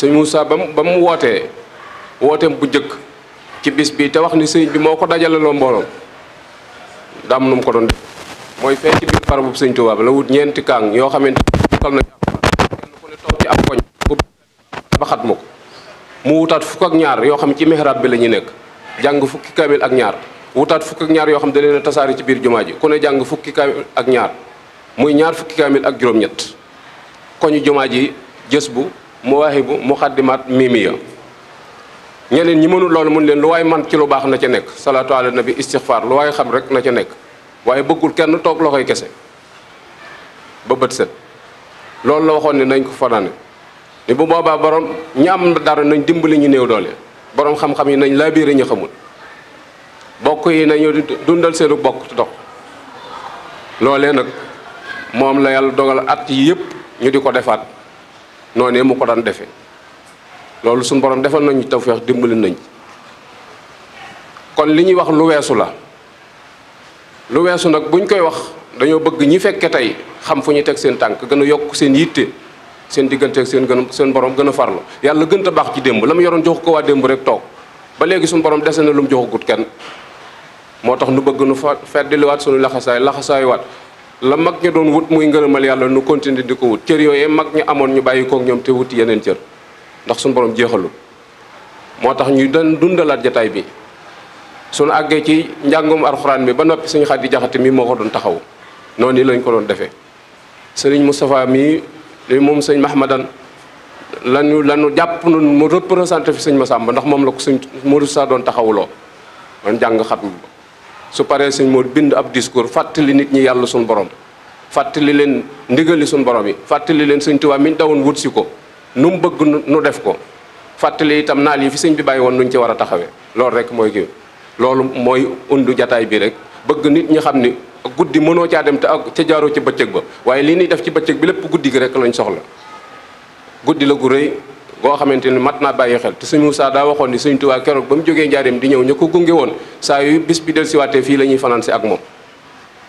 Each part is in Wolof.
sëñ Moussa ba mu ba mu wootee wooteem bu njëkk ci bis bi te wax ni sëñ bi moo ko dajalaloo mbooloo daam nu mu ko doon def mooy fee ci biir barabu sëñ Tuubaa la wut ñeenti kàng yoo xamante ni toll nañu kenn ku ci ab koñ pour xat ma ko mu wutaat fukk ak ñaar yoo xam ci mihrab bi la ñuy nekk jàng fukki kaamil ak ñaar wutaat fukk ak ñaar yoo xam da leen a ci biir jumaa ji ku ne jàng fukki kaamil ak ñaar muy ñaar fukki kaamil ak juróom-ñett koñu jumaa ji jës bu mu Mawaahibu Muxaddimaat Mimiya ñeneen ñi mënul loolu mun leen lu waay man ci lu baax na ca nekk salaatu na bi istixfaar lu waay xam rek na ca nekk waaye bëggul kenn toog loxoy kese ba set loolu la waxoon ne nañ ko fanaane ni bu boobaa borom ñi dara nañ dimbali ñu néew doole borom xam yi nañ laabiire ñu xamul bokk yi nañu dundal seenu bokk dox loolee nag moom la yàlla dogal at yi yëpp ñu di ko defaat noonee mu ko daan defee loolu suñ borom defal nañu tawféex dimbali nañ kon li ñuy wax lu weesu la lu weesu nag buñ koy wax dañoo bëgg ñi fekke tey xam fu ñu teg seen tànk gën a yokk seen yitte seen diggante ak seen gën seen borom gën a farlu yàlla gën a baax ci démb la mu yoroon jox ko waa démb rek toog ba léegi suñu borom dese na lu mu joxagut kenn moo tax nu bëgg nu fa feddiliwaat sunu laxasaay laxasaayuwaat la mag ña doon wut muy ngërëmal yàlla nu continuer di ko wut cër yooyee mag ña amoon ñu bàyyi kook ñoom te wuti yeneen cër ndax suñu borom jeexalul moo tax ñu doon dundalaat jataay bi suñu àggee ci njàngum alxuraan bi ba noppi suñ xaat di jaxate mi moo ko doon taxaw noonu lañ ko doon defee sëriñ Moustapha mii li moom sëñ Mahmadan lañu lañu jàpp nun mu représenté fi sëñ Massamba ndax moom la ko sëñ Modou Sa doon taxawuloo man jàng xat su paree suñ moo bind ab discours fàttali nit ñi yàlla suñu borom fàttali leen ndigali suñu borom yi fàttali leen sëñ Tuubaa mi ñu dawoon wut si ko nu mu bëgg nu def ko fàttali itam naal lii fi sëñ bi bàyyi woon nuñ ci war a taxawee loolu rek mooy kii loolu mooy undu jataay bii rek bëgg nit ñi xam ni guddi mënoo caa dem te ak ca jaaroo ci bëccëg ba waaye lii nuy def ci bëccëg bi lépp guddi gi rek lañ soxla guddi la gu rëy boo xamante ni mat naa bàyyi xel te sëñ Moussa daa waxoon ni sëñ Tuubaa keroog ba mu jógee njaareem di ñëw ña ko gunge woon saa yu bis bi del siwaatee fii la ñuy fanaan si ak moom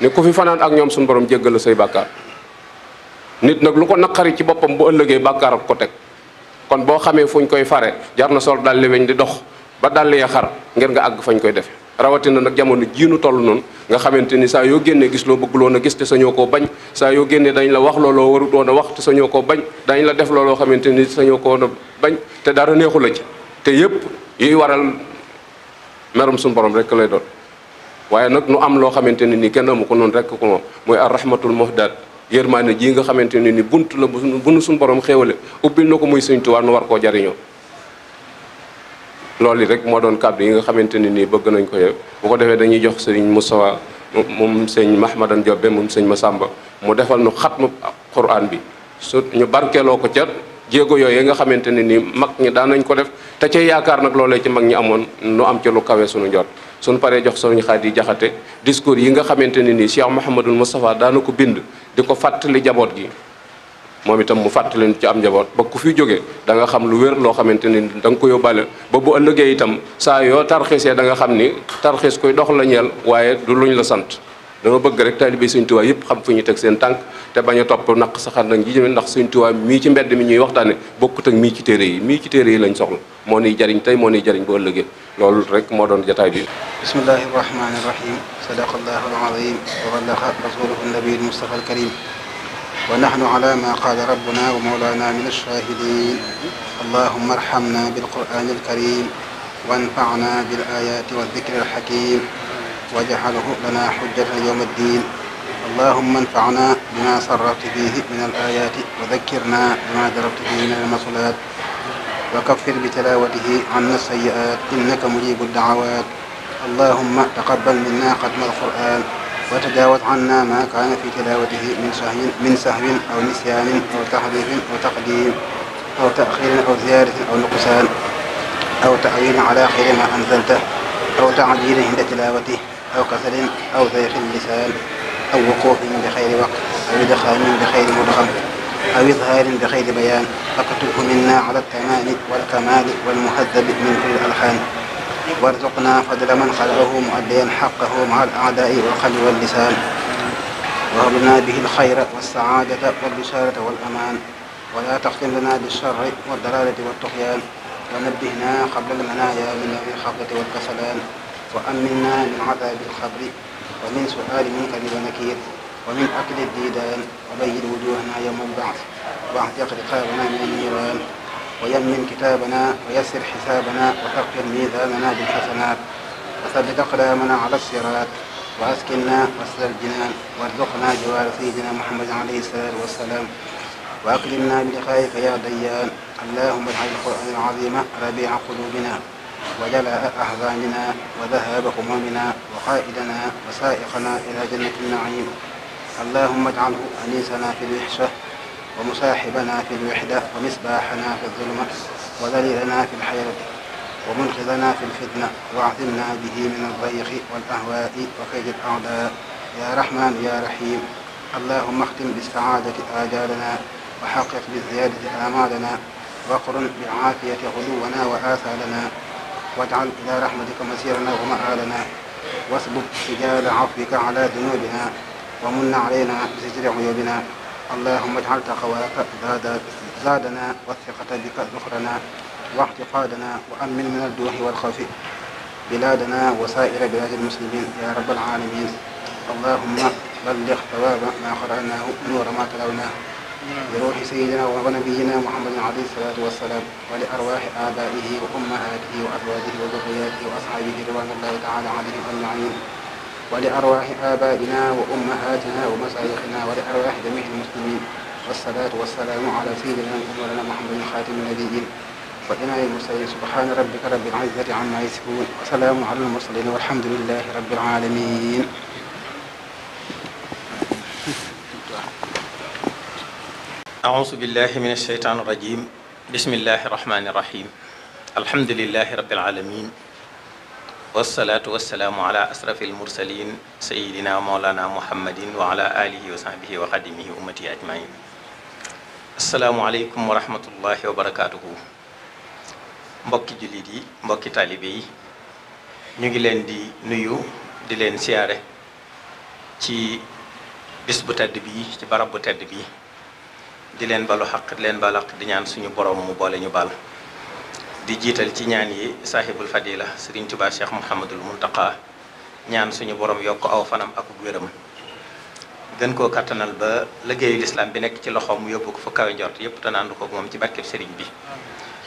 ne ku fi fanaan ak ñoom suñu borom jéggal la say bàkkaar nit nag lu ko naqari ci boppam bu ëllëgee bàkkaar ak ko teg kon boo xamee fuñ koy fare jar na sol dàlli weñ di dox ba dàlli ya xar ngir nga àgg fañ koy defe rawatina nag jamono nu toll noonu nga xamante ni saa yoo génnee gis loo bëgguloon a gis te sañoo koo bañ saa yoo génnee dañ la wax looloo warutoon a wax te sañoo koo bañ dañ la def looloo xamante ni sañoo koo bañ te dara neexu la ci te yépp yuy waral merum suñu borom rek lay doon waaye nag nu am loo xamante ne nii kenn amu ko noonu rekk ko moom mooy ar rahmatul muhdaat yërmaane jii nga xamante ne ni bunt la bu nu suñu borom xéewale ubbil na ko muy Sëñ Tuubaa nu war koo jariñoo loolu rek moo doon kàddu yi nga xamante ne nii bëgg nañ ko yow boo ko defee dañuy jox sëriñ Moustapha moom sëñ Mahmadan Diop moom sëñ Massamba mu defal nu xat xatmu Qur'an bi su ñu barkeeloo ko ca jéego yooyu nga xamante ne nii mag ñi daan nañ ko def te ca yaakaar nag loolee ci mag ñi amoon nu am ca lu kawe suñu njot suñu paree jox sëriñ Xaadi Jaxate discours yi nga xamante ne nii Cheikh Mouhamadul Moustapha daana ko bind di ko fàttali jaboot gi moom itam mu fàttali ci am njaboot ba ku fi jóge da xam lu wér loo xamante ni da nga ko yóbbaale ba bu ëllëgee itam saa yoo tarxiisee da danga xam ni tarxiis koy dox la ñeel waaye du ñu la sant dama bëgg rek taalibe Sëñ Tuubaa yëpp xam fu ñu teg seen tànk te bañ a topp naq saxar nag ji ndax Sëñ Tuubaa mii ci mbedd mi ñuy waxtaane bokk ak mii ci téere yi mii ci téere yi lañ soxla moo niy jariñ tey moo niy jariñ bu ëllëgee loolu rek moo doon jataay bi bismillahi rahmaani rahim sadaqallahu al-aziim wa ballagha rasuluhu nabiyil mustafa al-karim wa nahnu ala ma qaala rabbuna wa mawlana min ash-shahidin allahumma arhamna bilqur'ani alkarim wanfa'na bil ayati wa dhikri alhakim waj'alhu lana hujjatan yawma ddin اللهم انفعنا بما صرفت فيه من الآيات وذكرنا بما دربت فيه من المصلات وكفر بتلاوته عنا السيئات إنك مجيب الدعوات اللهم تقبل منا ختم القرآن وتجاوز عنا ما كان في تلاوته من سهو من سهو أو نسيان أو تحريف أو تقديم أو تأخير أو زيادة أو نقصان أو تعويل على خير ما أنزلته أو تعجيل عند تلاوته أو كسل أو ضيق اللسان أو وقوف بخير وقت أو إدخال بخير مدخل أو إظهار بخير بيان فاكتبه منا على التمام والكمال والمهذب من كل الألحان وارزقنا قدر من خلعه مؤديا حقه مع الأعداء والقلب واللسان وهب لنا به الخير والسعادة والبشارة والأمان ولا تختم لنا بالشر والضلالة والطغيان ونبهنا قبل المنايا من الخفضة والكسلان وأمنا من عذاب القبر ومن سؤال منكر ونكير ومن أكل الديدان وبين وجوهنا يوم البعث واعتق رقابنا من النيران ويمن كتابنا ويسر حسابنا وثقل ميزاننا بالحسنات وثبت أقدامنا على الصراط وأسكننا وسط الجنان وارزقنا جوار سيدنا محمد عليه الصلاة والسلام وأكرمنا بلقائك يا ديان اللهم اجعل القرآن العظيم ربيع قلوبنا وجلاء أحزاننا وذهاب همومنا وقائدنا وسائقنا إلى جنة النعيم اللهم اجعله أنيسنا في الوحشة ومصاحبنا في الوحدة ومصباحنا في الظلمة وذليلنا في الحيرة ومنقذنا في الفتنة واعذنا به من الضيق والأهواء وكيد الأعداء يا رحمن يا رحيم اللهم اختم بالسعادة آجالنا وحقق بالزيادة آمالنا وقرن بالعافية غدونا وآثالنا واجعل إلى رحمتك مسيرنا ومآلنا واسبب سجال عفوك على ذنوبنا ومن علينا بستر عيوبنا اللهم اجعل تقواك زادنا والثقة بك زخرنا واعتقادنا وأمن من الدوه والخوف بلادنا وسائر بلاد المسلمين يا رب العالمين اللهم بلغ ثواب ما قرأناه ونور ما تلوناه بروح سيدنا ونبينا محمد عليه الصلاة والسلام ولأرواح آبائه وأمهاته وأزواجه وذرياته وأصحابه رضوان الله تعالى عليهم أجمعين ولأرواح آبائنا وأمهاتنا ومشايخنا ولأرواح جميع المسلمين والصلاة والسلام على سيدنا مولانا محمد خاتم النبيين وإمام المرسلين سبحان ربك رب العزة عما يصفون وسلام على المرسلين والحمد لله رب العالمين أعوذ بالله من الشيطان الرجيم بسم الله الرحمن الرحيم الحمد لله رب العالمين wasalaatu wasalaamu ala asrafil mursalin sayidina moolana muhammadin wa ala alihi wa sahbihi wa xadimihi ummati ajmain asalaamualeykum wa rahmatullahi wa barakaatuhu mbokki jullit yi mbokki taalibe ñu ngi leen di nuyu di leen siyaare ci bis bu tedd bi ci barab bu tedd bi di leen balu xaq di leen balu di ñaan suñu borom mu boole ñu baal di jiital ci ñaan yi saahibul fadila sëriñ Tuubaa Cheikh Mouhamadul Muntaqa ñaan suñu boroom yokk aw fanam ak wéram gën koo kattanal ba liggéeyu lislaam bi nekk ci loxoom mu yóbbu ko fa kawe njort yëpp te naandu ko moom ci barkeb sëriñ bi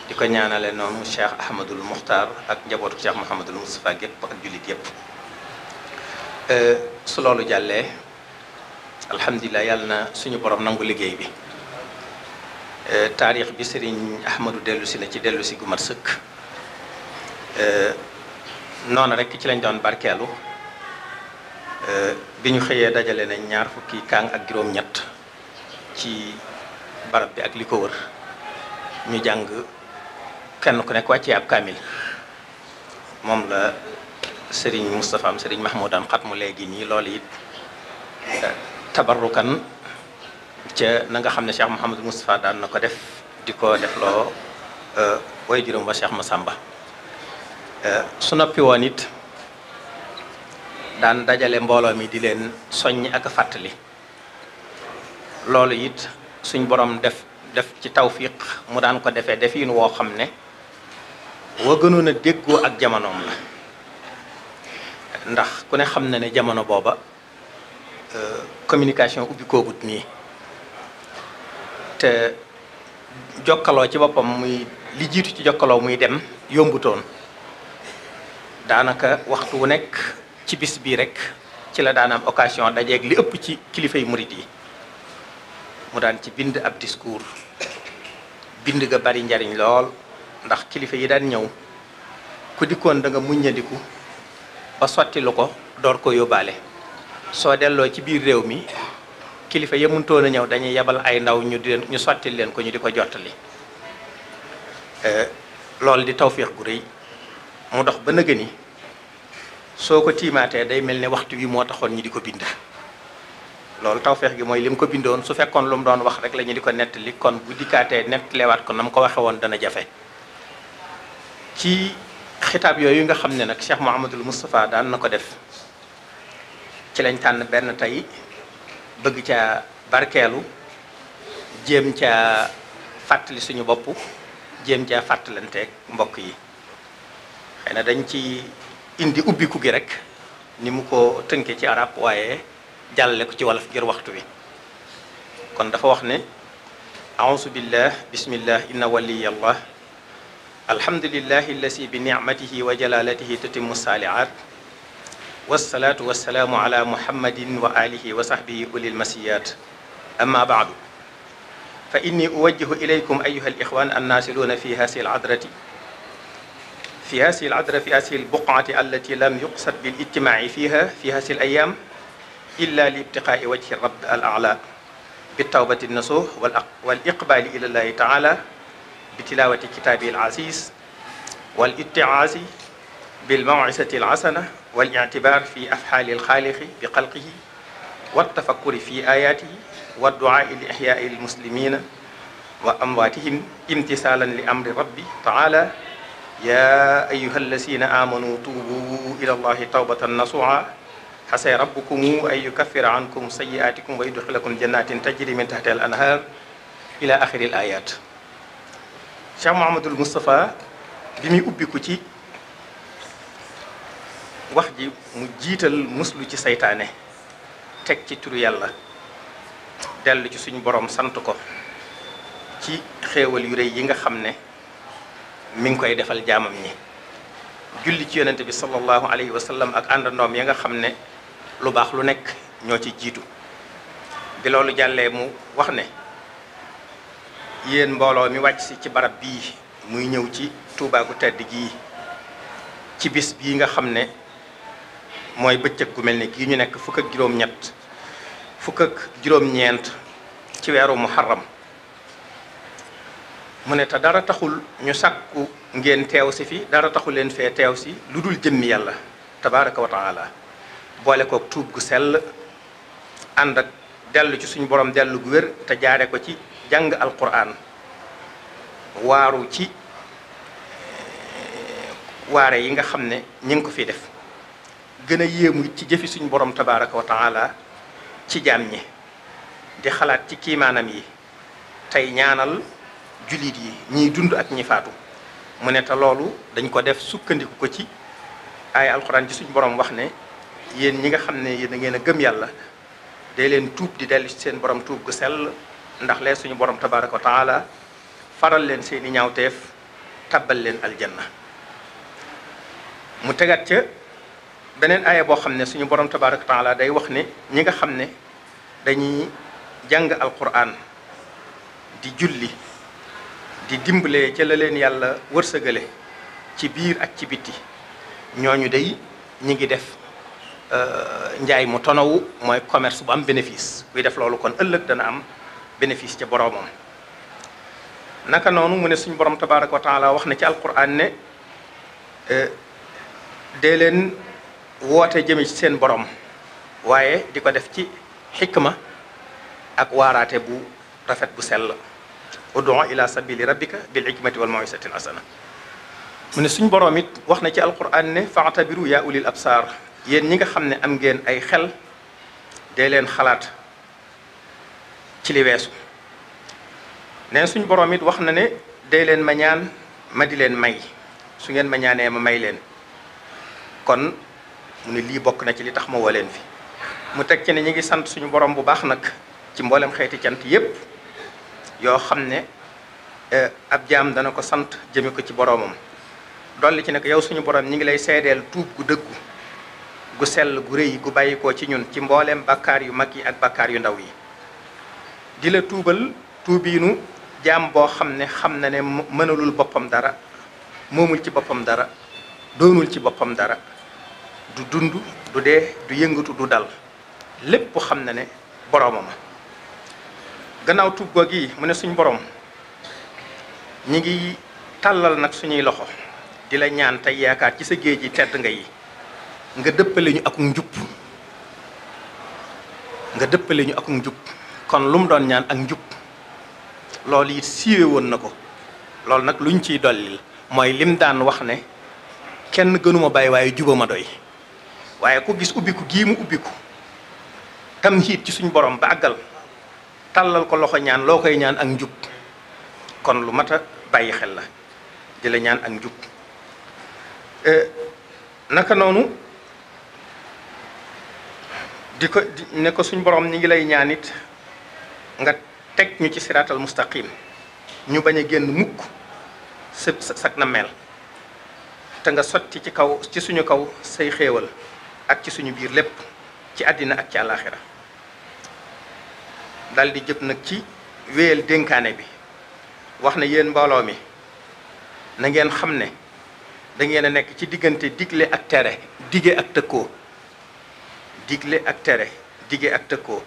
di ko ñaanale noonu Cheikh Ahmadul Muxtaar ak njabootu Cheikh Mouhamadul Moustapha gépp ak jullit yëpp euh, su loolu jàllee alhamdulilah yàlla na suñu borom nangu liggéey bi Euh, taarix bi sëriñ Ahmadou dellusi na ci dellusi si gu mat sëkk euh, noonu rek ci lañ doon barkeelu euh, bi ñu xëyee dajale nañ ñaar fukki kaang ak juróom-ñett ci barab bi ak li ko wër ñu jàng kenn ku nekk wàccee ab kaamil moom la sëriñ Moustapha am Serigne Mahmoud am xat mu léegi nii lool it tabarrukan ca na nga xam ne Cheikh Mouhamadou Moustapha daan na ko def di ko defloo euh, way juróom wa Cheikh sàmba euh, su noppi woon it daan dajale mbooloo mi di leen soññ ak fàttali loolu it suñ borom def def ci tawfiq mu daan ko defee defiin woo xam ne wa gënoon a déggoo ak jamonoom la ndax ku ne xam na ne jamono booba euh, communication ubbi koogut nii jokkaloo ci boppam muy li jiitu ci jokkaloo muy dem yombutoon daanaka waxtu wu nekk ci bis bii rek ci la daan am occasion li ëpp ci kilifa yu murit yi mu daan ci bind ab discours bind ga bari njariñ lool ndax kilifa yi daan ñëw ku dikkoon da nga muññandiku ba sotti lu ko door ko yóbbaale soo delloo ci biir réew mi kilifa ya mënutoon a ñëw dañuy yebal ay ndaw ñu di leen ñu sotti leen ko ñu di ko jottali eh, loolu di tawféex gu rëy mu dox ba nëgë soo ko tiimaatee day mel ne waxtu wi moo taxoon ñu di ko bind. loolu tawféex gi mooy lim ko bindoon su fekkoon lu mu doon wax rek la ñu di ko nettali kon bu dikkaatee leewaat ko na mu ko waxee woon dana jafe ci xitaab yooyu nga xam ne nag Cheikh Mouhamadul Moustapha daan na ko def ci lañ tànn benn tey. bëgg ca barkeelu jéem ca fàttali suñu bopp jéem ca fàttalanteeg mbokk yi xëy na dañ ci indi ubbiku gi rek ni mu ko tënke ci arab waaye jàllale ko ci wolof ngir waxtu wi kon dafa wax ne auzu billah bismillah inna waliyallah alhamdulillahi allasi bi nicmatihi wa jalalatihi tatimu saalihat wasalaatu wasalaamu ala muhammadin wa alihi wa sahbihi ulil masiyaat amma baadu fa inni uwajjihu ilaykum ayuha al ixwaan annaasiluuna fi hasi al adrati fi hasi al adra fi hasi al buqaati allati lam yuqsad bil ijtimaaci fiha fi hasi al ayaam illa li ibtiqaai wajhi rabb al ala bitawbati nasuux wal iqbaali ila llahi taala bitilaawati kitaabi al aziz wal ittiaasi bilmawcisati al xasana wal ictibaar fi afxaali alxaaliqi bi xalqihi wa tafakkuri fi ayaatihi wa duaai li ixyaai almuslimina wa amwaatihim imtisaalan li amri rabbi taala yaa ayuha allasina aamanu tuubu ila allahi tawbatan nasuha xase rabbukum an yukaffira ankum sayiaatikum wa yudxilakum jannatin tajri min taxti al anhar ila axiri al ayat Cheikh Mouhamadul Moustapha bi muy ubbiku ci wax ji mu jiital muslu ci seytaane teg ci turu yàlla dellu ci suñu boroom sant ko ci xewal yu rëy yi nga xam ne mi ngi koy defal jaamam ñi julli ci yonent bi sallallahu alayhi wa sallam ak àndandoom yi nga xam ne lu baax lu nekk ñoo ci jiitu bi loolu jàllee mu wax ne yéen mbooloo mi wàcc si ci barab bii muy ñëw ci tuubaagu gu tedd gii ci bis bii nga xam ne mooy bëccëg gu mel ni kii ñu nekk fukk ak juróom-ñett ci weeru muharram mu ne te dara taxul ñu sàkku ngeen teew si fi dara taxul leen fee teew si lu dul jëmm yàlla tabaraka wa taala boole kook tuub gu sell ànd ak dellu ci suñu borom dellu gu wér te jaare ko ci jàng alquran waaru ci eh, waare yi nga xam ne ñi ngi ko fi def gën a yéemu ci jëfi suñu borom tabaraka wa taala ci jaam ñi di xalaat ci kiimaanam yi tey ñaanal jullit yi ñiy dund ak ñi faatu mu ne te loolu dañ ko def sukkandiku ko ci ay alxuraan ci suñ borom wax ne yéen ñi nga xam ne yéen da ngeen a gëm yàlla de leen tuub di dellu ci seen borom tuub gu sell ndax lee suñu borom tabaraka wa taala faral leen seeni ñaawteef tàbbal leen aljanna mu tegat ca beneen aaya boo xam ne suñu borom tabaaraka taala day wax ne ñi nga xam ne dañuy jàng alquran di julli di dimbalee ca la leen yàlla wërsëgale ci biir ak ci bitti ñooñu day ñi ngi def euh, njaay mu tonawu mooy commerce bu am bénéfice kuy def loolu kon ëllëg dana am bénéfice ca boroomam naka noonu mu ne suñu borom tabaaraka wa taala wax na ci alquran ne euh, dee leen woote jëme ci seen borom waaye di ko def ci xikma ak waaraate bu rafet bu sell ud'u ila sabili rabbika bil hikmati wal maw'izatil hasana mu ne suñ borom wax na ci alquran ne fa'tabiru yaa ulil saar yéen ñi nga xam ne am ngeen ay xel dee leen xalaat ci li weesu neen suñ borom wax na ne dee leen ma ñaan ma di leen may su ngeen ma ñaanee ma may leen kon mu ne lii bokk na ci li tax ma woo leen fi mu teg ci ne ñu ngi sant suñu borom bu baax nag ci mboolem xeeti cant yépp yoo xam ne eh, ab jaam dana ko sant jëme ko ci boromam dolli ci nag yow suñu borom ñi ngi lay seedeel tuub gu dëggu gu sell gu rëy gu bàyyikoo ci ñun ci mbooleem bakkaar yu mag yi ak bakkaar yu ndaw yi di la tuubal tuubiinu jaam boo xam ne xam na ne mënalul boppam dara moomul ci boppam dara doonul ci boppam dara du dund du dee du yëngatu du dal lépp xam na ne boroomam gannaaw tuub googu yi mu ne suñ boroom ñi ngi tàllal nag suñuy loxo di la ñaan tey yaakaar ci sa géej ji tedd nga yi nga dëppale ñu ak njub nga dëppale ñu ak njub kon lu mu doon ñaan ak njub loolu it siiwee woon na ko loolu nag lu luñ ciy dollil mooy lim daan wax ne kenn gënuma bàyyi waaye juba ma doy waaye ko gis ubbiku gii mu ubbiku tam xiit ci suñu borom ba àggal tàllal ko loxo ñaan loo koy ñaan ak njub kon lu mat a bàyyi xel la di la ñaan ak njub e, naka noonu di ko ne ko suñu borom ñi ngi lay ñaan it nga teg ñu ci siraatal mustaqim ñu bañ a génn mukk sa sag na mel te nga sotti ci kaw ci suñu kaw say xéewal ak ci suñu biir lépp ci àddina ak ci àllaaxira dal di nag ci wéyal dénkaane bi wax na yéen mbooloo mi na ngeen xam ne dangeen a nekk ci diggante digle ak tere dige ak tëkkoo digle ak tere dige ak tëkkoo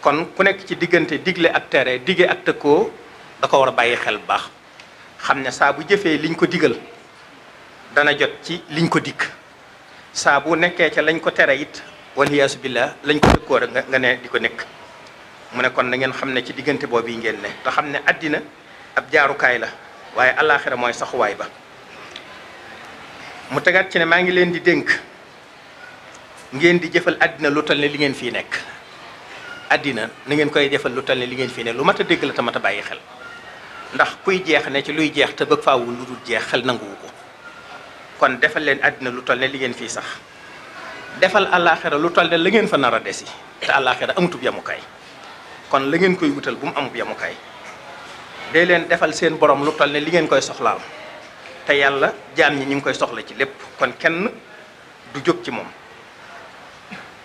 kon ku nekk ci diggante digle ak tere dige ak tëkkoo da ko war a bàyyi xel bu baax xam ne saa bu jëfee liñ ko digal dana jot ci liñ ko dikk saa bu nekkee ca lañ ko tere it waliyaasu billah lañ ko dëkkoor nga nga ne di ko nekk mu ne kon na ngeen xam ne ci diggante boobu yi ngeen ne te xam ne àddina ab jaarukaay la waaye alaaxira mooy saxuwaay ba mu tegaat ci ne maa ngi leen di dénk ngeen di jëfal àddina lu tal ne li ngeen fii nekk àddina na ngeen koy jëfal lu tal ne li ngeen fii ne lu mat a dégg la te mat a bàyyi xel ndax kuy jeex ne ci luy jeex te ba faawul lu dul jeex xel nanguwu ko kon defal leen àddina lu toll ne li ngeen fii sax defal àllaaxira lu toll ne la ngeen fa nar a desi te àllaaxira amutub yamukaay kon la ngeen koy wutal bu mu amub yamukaay dee leen defal seen borom lu toll ne li ngeen koy soxlaal te yàlla jaan ñi ñu ngi koy soxla ci lépp kon kenn du jóg ci moom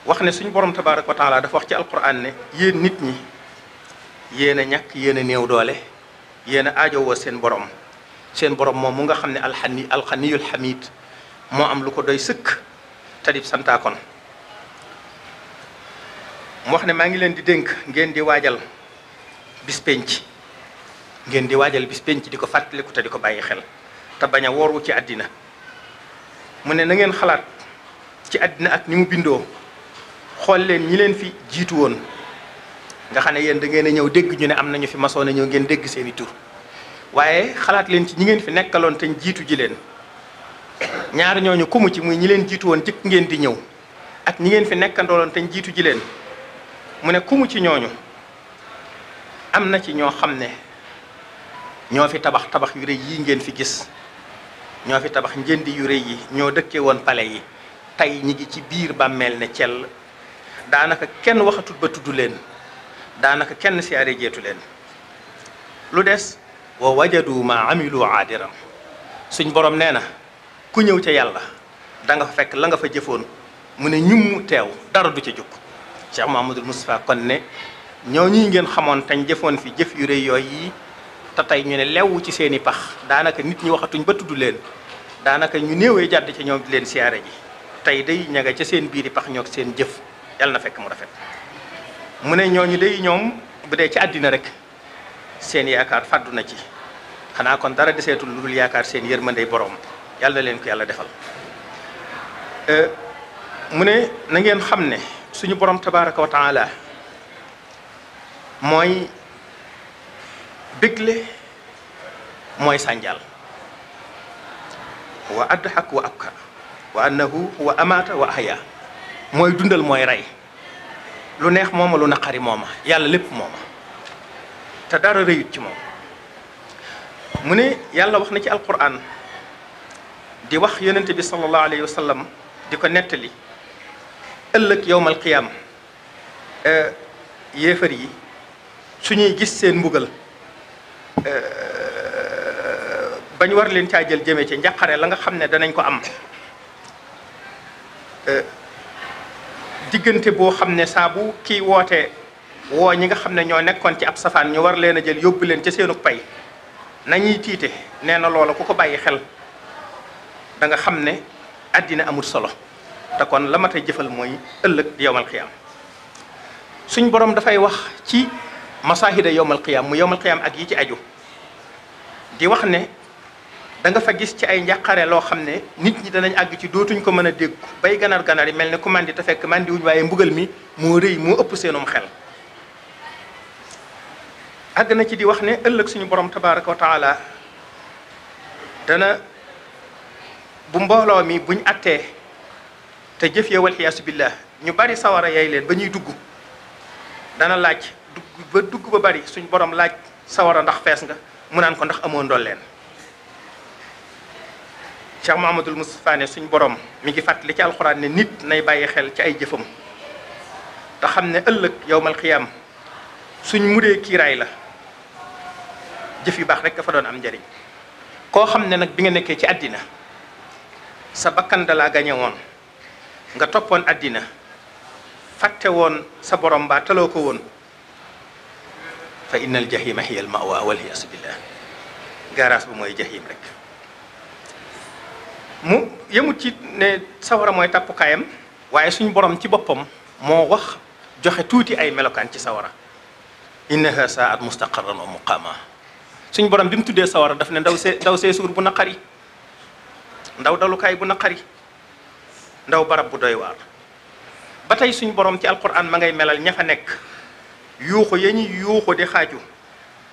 wax ne suñu borom tabaaraka wa taala dafa wax ci alquran ne yéen nit ñi yéen a ñàkk yéen a néew doole yéen a aajowoo seen boroom seen boroom moom mu nga xam ne alxani alxaniyul xamid moo am lu ko doy sëkk tadib santaakon mu wax ne maa ngi leen di dénk ngeen di waajal bis penc ngeen di waajal bis penc di ko fàttaliku te di ko bàyyi xel te bañ a wooru ci àddina mu ne na ngeen xalaat ci àddina ak ni mu bindoo xool leen ñi leen fi jiitu woon nga xam ne yéen da ñëw dégg ñu ne am ñu fi masoon a ñëw ngeen dégg seeni tur waaye xalaat leen ci ñi ngeen fi nekkaloon te jiitu ji leen ñaar ñooñu kumu ci muy ñi leen jiitu woon jëkk ngeen di ñëw ak ñi ngeen fi nekkandooloon te jiitu ji leen mu ne kumu ci ñooñu am na ci ñoo xam ne ñoo fi tabax tabax yu rëy yi ngeen fi gis ñoo fi tabax njëndi yu rëy yi ñoo dëkke woon pale yi tey ñi ngi ci biir bàmmeel ne cell daanaka kenn waxatut ba tudd leen daanaka kenn siyaare jeetu leen lu des wa wajadu ma amilu aadiran suñ borom nee na ku ñëw ca yàlla danga nga fekk la nga fa jëfoon mu ne ñum teew dara du ca jóg Cheikh Mahamadul Moustapha kon ne ñoo ñii ngeen xamoon tañ jëfoon fi jëf yu rëy yi te tey ñu ne lew ci seen i pax daanaka nit ñi waxatuñ ba tudd leen daanaka ñu néewee jàdd ca ñoom di leen siyaare ji tey day ña ca seen biir i pax ñoog seen jëf yàlla na fekk mu rafet mu ne ñooñu day ñoom bu dee ci àddina rek seen yaakaar fàddu na ci xanaa kon dara deseetul lu dul yaakaar seen yërmandey borom yàlla na leen ko yàlla defal euh, mu ne na ngeen xam ne suñu borom tabaraka wa taala mooy bégle mooy sànjal wa adhak wa abka wa annahu wa amaata wa ahya mooy dundal mooy rey lu neex mooma lu naqari mooma yàlla lépp mooma te dara rëyut ci moom mu ne yàlla wax na ci alquran di wax yonente bi sallallahu alayhi wa sallam di ko nettali ëllëg yowmal qiyaam euh, yéefar yi su ñuy gis seen mbugal euh, bañ war leen caa jël jëmee ci njàqare la nga xam ne danañ ko am euh, diggante boo xam ne saa bu kii wootee woo ñi nga xam ne ñoo nekkoon ci ab safaan ñu war leen a jël yóbbu leen ca seenu pay nañuy tiite nee na loola ku ko bàyyi xel danga xam ne àddina amul solo te kon la mat tey jëfal mooy ëllëg di yowmal qiyaam suñ borom dafay wax ci masaahida yowmal qiyaam mu yowmal qiyaam ak yi ci aju di wax ne danga fa gis ci ay njàqare loo xam ne nit ñi danañ àgg ci dootuñ ko mën a dégg bay ganar ganar mel ne commande yi te fekk mandi waaye mbugal mi moo rëy moo ëpp seenum xel àgg na ci di wax ne ëllëg suñu borom tabaraka wa taala dana bu mbooloo mi buñ attee te jëf ya walxiyaasu billah ñu bari sawara yay leen ba ñuy dugg dana laaj dugg ba dugg ba bari suñ boroom laaj sawara ndax fees nga mu naan ko ndax amoo ndolleen Cheikh Mouhamadul Moustapha ne suñ boroom mi ngi fàttali ci alxuraan ne nit nay bàyyi xel ci ay jëfam te xam ne ëllëg yowmal xiyaam suñ mu muree kiiraay la jëf baax rek dafa doon am njariñ koo xam ne nag bi nga nekkee ci àddina sa bakkan dalaa gañe woon nga toppoon àddina fatte woon sa borom baa taloo ko woon fa innal jahima hiya al mawa wal iyaasu billah gaaraas bu mooy jahim rek mu yëmu ci ne sawara mooy tappukaayam waaye suñu boroom ci boppam moo wax joxe tuuti ay melokaan ci sawara innaha saat mustaqarran wa muqaama suñu borom bi mu tuddee sawara daf ne ndaw see ndaw see suur bu naqari ndaw dalukaay bu naqari ndaw barab bu doy waar. ba tey suñu borom ci alquran ma ngay melal ña fa nekk yuuxu ya ñuy yuuxu di xaaju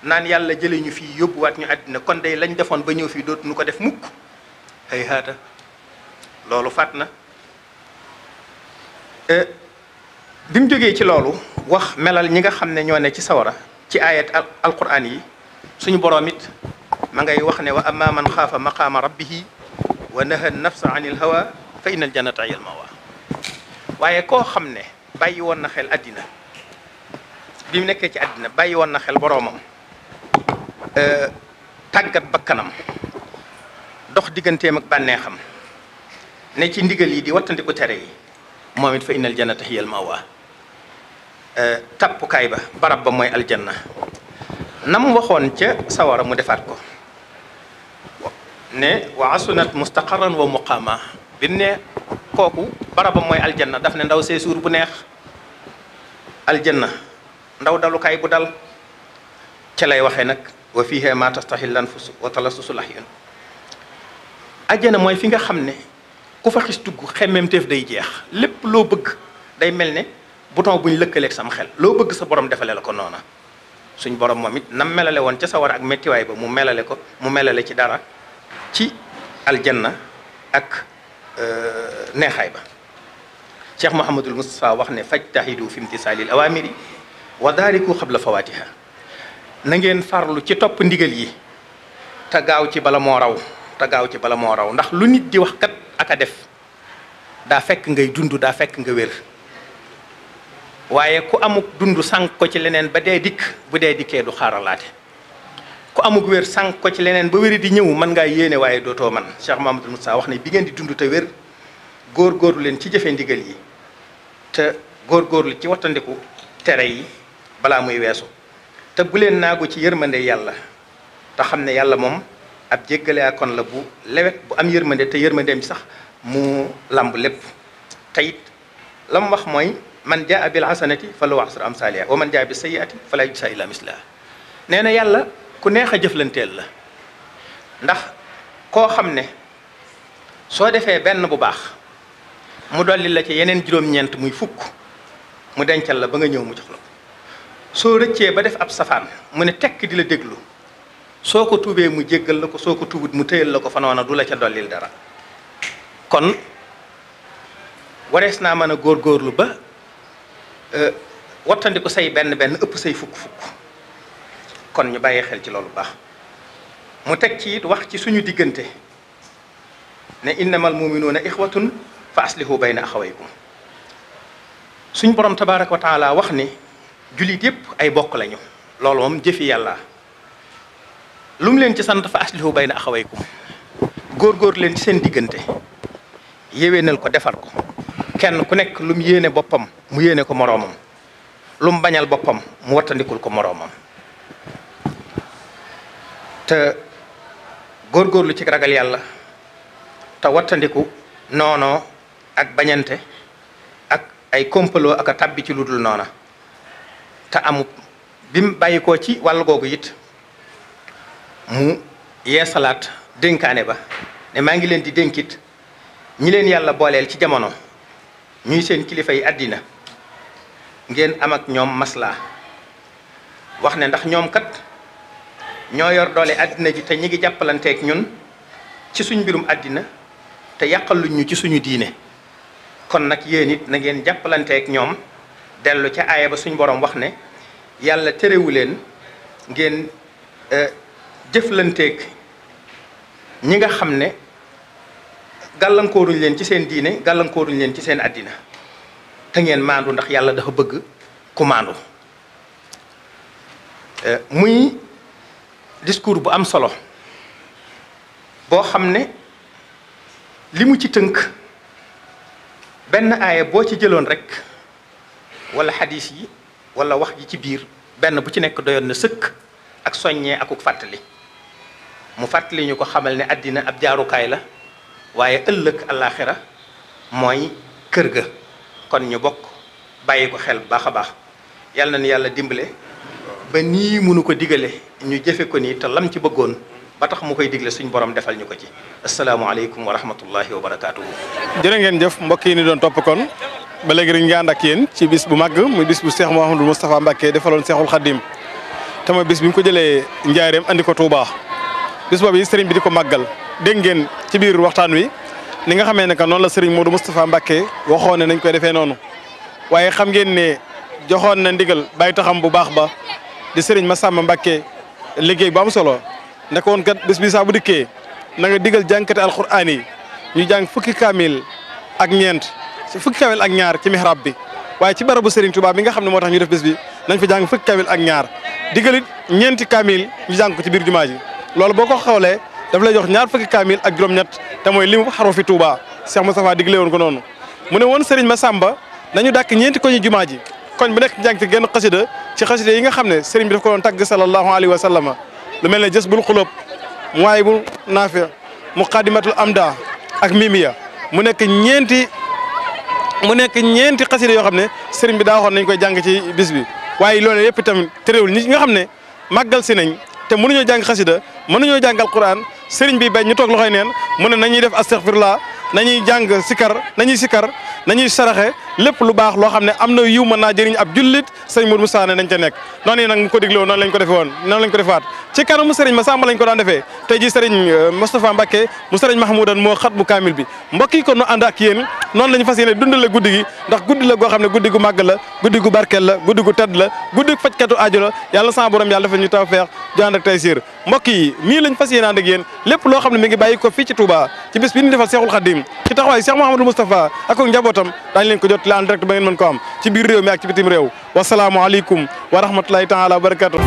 naan yàlla jëlee ñu fii yóbbuwaat ñu àddina kon day lañ defoon ba ñëw fii dootuñu ko def mukk ay haata loolu faat na eh, bi mu jógee ci loolu wax melal ñi nga xam ne ñoo ne ci sawara ci ayat alquran yi. suñu boroom it ma ngay wax ne wa amma man xaafa maqaama rabbihi wa naha nafsa anil hawa fa innal jannata hiya al mawa waaye koo xam ne bàyyi woon na xel àddina bi mu nekkee ci àddina bàyyi woon na xel boroomam euh, tàggat bakkanam dox digganteem ak bànneexam ne ci ndigal yi di wattandiku tere yi moomit it fa innal jannata hiya al mawa euh, tappukaay ba barab ba mooy aljanna nam waxoon ca sawara mu defaat ko ne wa asunat mustaqarran wa muqaama bi ne kooku barabam mooy aljanna daf ne ndaw see suur bu neex aljanna ndaw dalukaay bu dal ca lay waxee nag wa fiiha ma tastahil anfus wa talassusul ahyun ajjana mooy fi nga xam ne ku fa xis dugg xemmemteef day jeex lépp loo bëgg day mel ne bouton buñ lëkkaleeg sam xel loo bëgg sa borom defalee la ko noona suñ borom moom it nam melale woon ca sawar ak méttiwaay ba mu melale ko mu melale ci dara ci aljanna ak euh, neexaay ba cheikh mouhamadul moustapha wax ne fajtahidu fi imtisaalil awamiri wa daariku xabla fawatiha na ngeen farlu ci topp ndigal yi te gaaw ci bala moo raw te gaaw ci bala moo raw ndax lu nit di wax kat ak def daa fekk ngay dund daa fekk nga wér waaye ku amuk dund sànq ko ci leneen ba dee dikk bu dee dikkee du xaaralaate ku amuk wér sànq ko ci leneen ba wéri di ñëw mën ngaa yéene waaye dootoo man Cheikh Mahamadou Moussa wax ne bi ngeen di dund te wér góorgóorlu leen ci jëfe ndigal yi te góor góorlu ci wattandiku tere yi balaa muy weesu te bu leen naagu ci yërmande yàlla te xam ne yàlla moom ab jéggale akoon la bu lewet bu am yërmande te yërmandeem sax mu lamb lépp te it la mu wax mooy man jaa bil hasanati falahu am amsaaliha wa man jaa bis sayyiati fala yujsa illa mislaha nee na yàlla ku neex a jëflanteel la ndax koo xam ne soo defee benn bu baax mu dolli la ci yeneen juróom-ñeent muy fukk mu dencal la ba nga ñëw mu jox la ko soo rëccee ba def ab safaan mu ne tekk di la déglu soo ko tuubee mu jéggal la ko soo ko tuubut mu tëyal la ko fa noona du la ca dollil dara kon warees naa mën góor góorlu ba Euh, wottandiku say benn benn ëpp say fukk fukk kon ñu bàyyi xel ci loolu baax mu teg ci it wax ci suñu diggante ne innamal muminuuna ixwatun fa bay na axawaykum suñ borom tabaaraka wa taala wax ni jullit yépp ay bokk lañu loolu moom jëfi yàlla lu mu leen ci sant fa aslihu bayna axawaykum góor góor leen ci seen diggante yéwénal ko defar ko kenn ku nekk lu mu yéene boppam mu yéene ko moroomam lu mu bañal boppam mu wattandikul ko moroomam te lu ci ragal yàlla te wattandiku noono ak bañante ak ay kompaloo ak a tàbbi ci lu dul noona te amu bi mu ko ci wàll googu it mu yeesalaat dénkaane ba ne maa ngi leen di dénkit ñi leen yàlla booleel ci jamono ñuy seen kilifa yi àddina ngeen am ak ñoom maslaa wax ne ndax ñoom kat ñoo yor doole àddina ji te ñi ngi jàppalanteek ñun ci suñu mbirum àddina te yàqaluñu ci suñu diine kon nag yéen it na ngeen jàppalanteeg ñoom dellu ca aaya ba suñu borom wax ne yàlla terewu leen ngeen eh, jëflanteek ñi nga xam ne gàllankooruñ leen ci seen diine gàllankooruñ leen ci seen àddina te ngeen maandu ndax yàlla dafa bëgg ku maandu euh, muy discours bu am solo boo xam ne li mu ci tënk benn aaya boo ci jëloon rek wala xadis yi wala wax ji ci biir benn bu ci nekk doyoon na sëkk ak soññee akuk fàttali mu fàttali ñu ko xamal ne àddina ab jaarukaay la waaye ëllëg àllaaxira mooy kër ga kon ñu bokk bàyyi ko xel bu baax a baax yàlla na yàlla dimbale ba nii munu ko digale ñu jëfe ko nii te lam ci bëggoon ba tax mu koy digle suñ borom defal ñu ko ci asalaamaaleykum wa rahmatullahi wa barakaatuhu. jërë ngeen jëf mbokk yi ni doon topp kon ba léegi rek ñu ak yéen ci bis bu màgg muy bis bu Cheikh Mouhamadou Moustapha Mbacké defaloon Cheikhul Khadim te mooy bis bi mu ko jëlee Njaareem andi ko Touba bis boobu yi sëriñ bi di ko màggal. dégg ngeen ci biir waxtaan wi ni nga xamee ne que noonu la Serigne Modou Moustapha Mbacké waxoon ne nañ koy defe noonu waaye xam ngeen ne joxoon na ndigal bàyyi taxam bu baax ba di ma Massamba Mbacké liggéey ba am solo naka woon kat bés bi bu dikkee na nga digal jànkate alxuraan yi ñu jàng fukki kaamil ak ñeent ci fukki kaamil ak ñaar ci mihrab bi waaye ci barabu Serigne Touba bi nga xam ne moo tax ñu def bés bi nañ fa jàng fukki kaamil ak ñaar digalit ñeenti kaamil ñu jàng ci biir jumaa ji daf lay jox ñaar fukki kaamil ak juróom-ñett te mooy limu xaro fi Touba Cheikh Moustapha digle woon ko noonu mu ne woon ma sàmba nañu dàkk ñeenti koñu jumaa ji koñ bu nekk jàng ci genn xasida ci xasida yi nga xam ne Serigne bi daf ko doon tagg sallallahu alayhi wa sallama lu mel ne jës bul xulóob waaye bu naafi muqaddimatul amda ak mimiya mu nekk ñeenti mu nekk ñeenti xasida yoo xam ne sëriñ bi daa nañ koy jàng ci bis bi waaye loolu yëpp itam terewul ñi nga xam ne màggal si nañ te mënuñoo jàng xasida mënuñoo jàngal Quraan sëriñ bi bañ ñu toog loxoy neen mu ne nañuy def astaghfirullah nañuy jàng sikar nañuy sikar nañuy saraxe lépp lu baax loo xam ne am na yiw mën naa jëriñ ab jullit sëñ Mourou Moussa ne nañ ca nekk noonu yi nag mu ko digloo noonu lañ ko defe woon noonu lañ ko defaat ci kanamu sëriñ ko daan defee tey ji sëriñ euh, Moustapha Mbacké mu sëriñ Mahmoudan moo xat bu kaamil bi mbokk yi nu ànd ak yéen noonu lañu fas yéene dundale guddi gi ndax guddi la goo xam ne guddi gu màgg la guddi gu barkeel la guddi gu tedd la guddi gu fajkatu aajo la yàlla sama borom yi nii lañ fas lépp loo xam ne mi ngi bàyyi ko fii ci Touba njabootam daañu leen ko jot laan direct ba ngeen mën ko am ci biir réew mi ak ci bitim réew wasalaamualeykum wa rahmatulahi taala wa barakatu